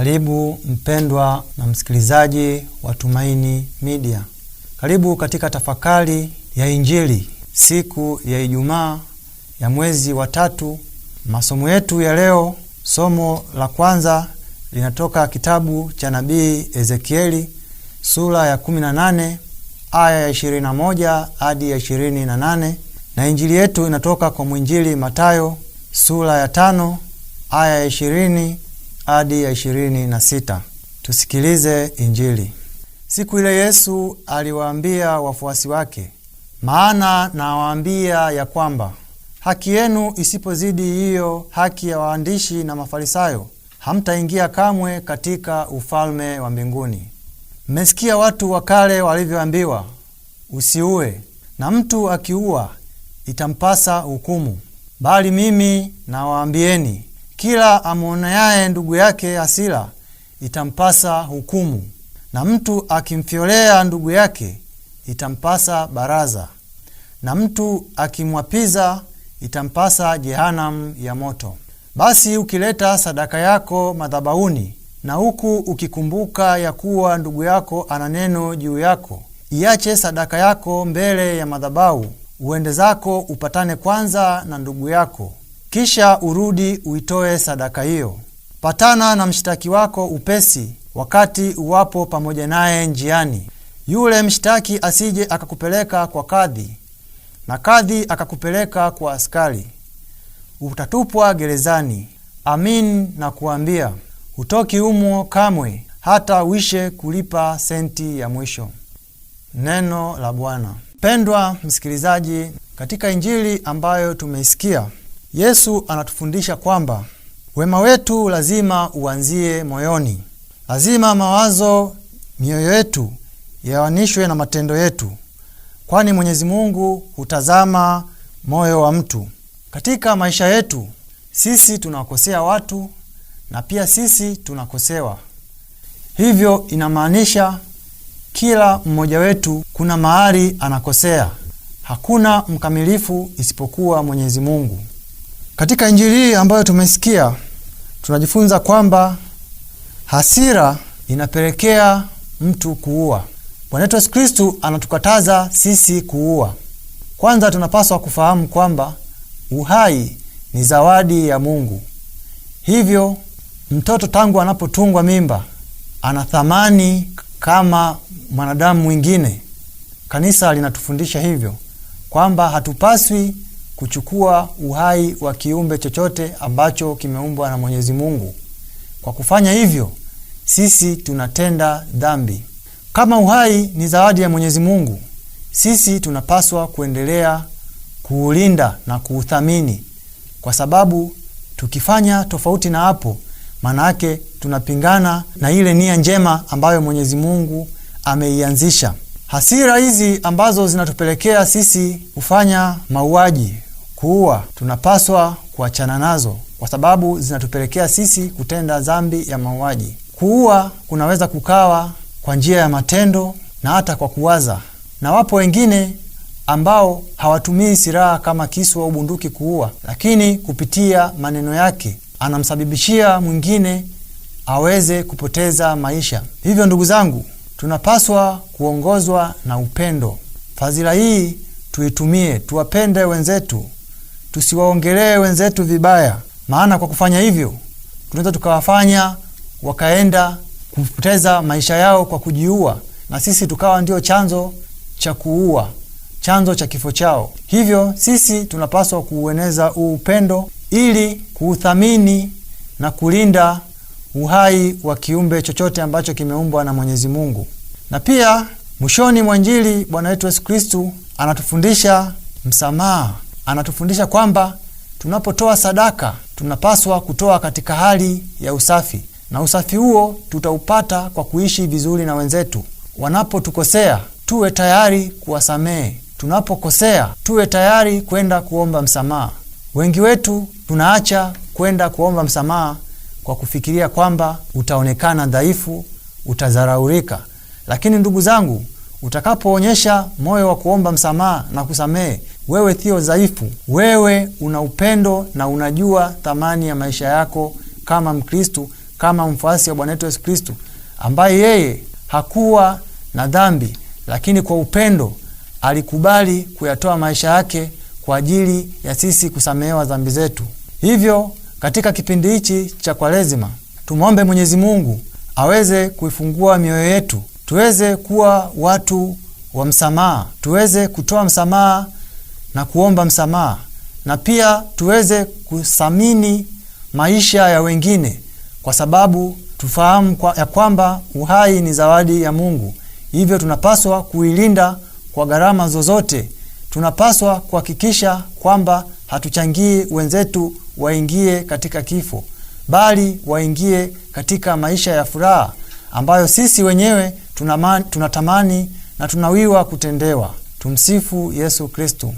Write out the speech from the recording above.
Karibu mpendwa na msikilizaji wa Tumaini Media, karibu katika tafakari ya Injili siku ya Ijumaa ya mwezi wa tatu. Masomo yetu ya leo, somo la kwanza linatoka kitabu cha nabii Ezekieli sura ya 18 aya ya 21 hadi ya 28, na injili yetu inatoka kwa mwinjili Matayo sura ya tano aya ya ishirini hadi ya ishirini na sita. Tusikilize Injili. Siku ile Yesu aliwaambia wafuasi wake, maana nawaambia ya kwamba haki yenu isipozidi hiyo haki ya waandishi na Mafarisayo, hamtaingia kamwe katika ufalme wa mbinguni. Mmesikia watu wa kale walivyoambiwa, usiue, na mtu akiua itampasa hukumu. Bali mimi nawaambieni kila amwoneaye ndugu yake hasira itampasa hukumu, na mtu akimfyolea ndugu yake itampasa baraza, na mtu akimwapiza itampasa jehanamu ya moto. Basi ukileta sadaka yako madhabauni na huku ukikumbuka ya kuwa ndugu yako ana neno juu yako, iache sadaka yako mbele ya madhabau uende zako upatane kwanza na ndugu yako kisha urudi uitoe sadaka hiyo. Patana na mshtaki wako upesi, wakati uwapo pamoja naye njiani, yule mshtaki asije akakupeleka kwa kadhi na kadhi akakupeleka kwa askari, utatupwa gerezani. Amin na kuambia hutoki humo kamwe, hata uishe kulipa senti ya mwisho. Neno la Bwana. Mpendwa msikilizaji, katika Injili ambayo tumeisikia Yesu anatufundisha kwamba wema wetu lazima uanzie moyoni. Lazima mawazo, mioyo yetu yaanishwe na matendo yetu, kwani Mwenyezi Mungu hutazama moyo wa mtu. Katika maisha yetu sisi tunawakosea watu na pia sisi tunakosewa, hivyo inamaanisha kila mmoja wetu kuna mahali anakosea. Hakuna mkamilifu isipokuwa Mwenyezi Mungu. Katika injili ambayo tumesikia, tunajifunza kwamba hasira inapelekea mtu kuua. Bwana wetu Yesu Kristu anatukataza sisi kuua. Kwanza tunapaswa kufahamu kwamba uhai ni zawadi ya Mungu, hivyo mtoto tangu anapotungwa mimba ana thamani kama mwanadamu mwingine. Kanisa linatufundisha hivyo kwamba hatupaswi kuchukua uhai wa kiumbe chochote ambacho kimeumbwa na Mwenyezi Mungu. Kwa kufanya hivyo, sisi tunatenda dhambi. Kama uhai ni zawadi ya Mwenyezi Mungu, sisi tunapaswa kuendelea kuulinda na kuuthamini, kwa sababu tukifanya tofauti na hapo, maana yake tunapingana na ile nia njema ambayo Mwenyezi Mungu ameianzisha. Hasira hizi ambazo zinatupelekea sisi kufanya mauaji kuua, tunapaswa kuachana nazo kwa sababu zinatupelekea sisi kutenda dhambi ya mauaji. Kuua kunaweza kukawa kwa njia ya matendo na hata kwa kuwaza, na wapo wengine ambao hawatumii silaha kama kisu au bunduki kuua, lakini kupitia maneno yake anamsababishia mwingine aweze kupoteza maisha. Hivyo ndugu zangu, tunapaswa kuongozwa na upendo. Fadhila hii tuitumie, tuwapende wenzetu tusiwaongelee wenzetu vibaya, maana kwa kufanya hivyo tunaweza tukawafanya wakaenda kupoteza maisha yao kwa kujiua, na sisi tukawa ndio chanzo cha kuua, chanzo cha kifo chao. Hivyo sisi tunapaswa kuueneza upendo ili kuuthamini na kulinda uhai wa kiumbe chochote ambacho kimeumbwa na Mwenyezi Mungu. Na pia mwishoni mwa Injili Bwana wetu Yesu Kristu anatufundisha msamaha anatufundisha kwamba tunapotoa sadaka tunapaswa kutoa katika hali ya usafi, na usafi huo tutaupata kwa kuishi vizuri na wenzetu. Wanapotukosea tuwe tayari kuwasamehe, tunapokosea tuwe tayari kwenda kuomba msamaha. Wengi wetu tunaacha kwenda kuomba msamaha kwa kufikiria kwamba utaonekana dhaifu, utazaraurika Lakini ndugu zangu, utakapoonyesha moyo wa kuomba msamaha na kusamehe, wewe sio dhaifu, wewe una upendo na unajua thamani ya maisha yako kama Mkristu, kama mfuasi wa Bwana wetu Yesu Kristu ambaye yeye hakuwa na dhambi, lakini kwa upendo alikubali kuyatoa maisha yake kwa ajili ya sisi kusamehewa dhambi zetu. Hivyo katika kipindi hichi cha kwalezima tumwombe Mwenyezi Mungu aweze kuifungua mioyo yetu, tuweze kuwa watu wa msamaha, tuweze kutoa msamaha na kuomba msamaha, na pia tuweze kuthamini maisha ya wengine, kwa sababu tufahamu kwa, ya kwamba uhai ni zawadi ya Mungu. Hivyo tunapaswa kuilinda kwa gharama zozote. Tunapaswa kuhakikisha kwamba hatuchangii wenzetu waingie katika kifo, bali waingie katika maisha ya furaha ambayo sisi wenyewe tunatamani na tunawiwa kutendewa. Tumsifu Yesu kristu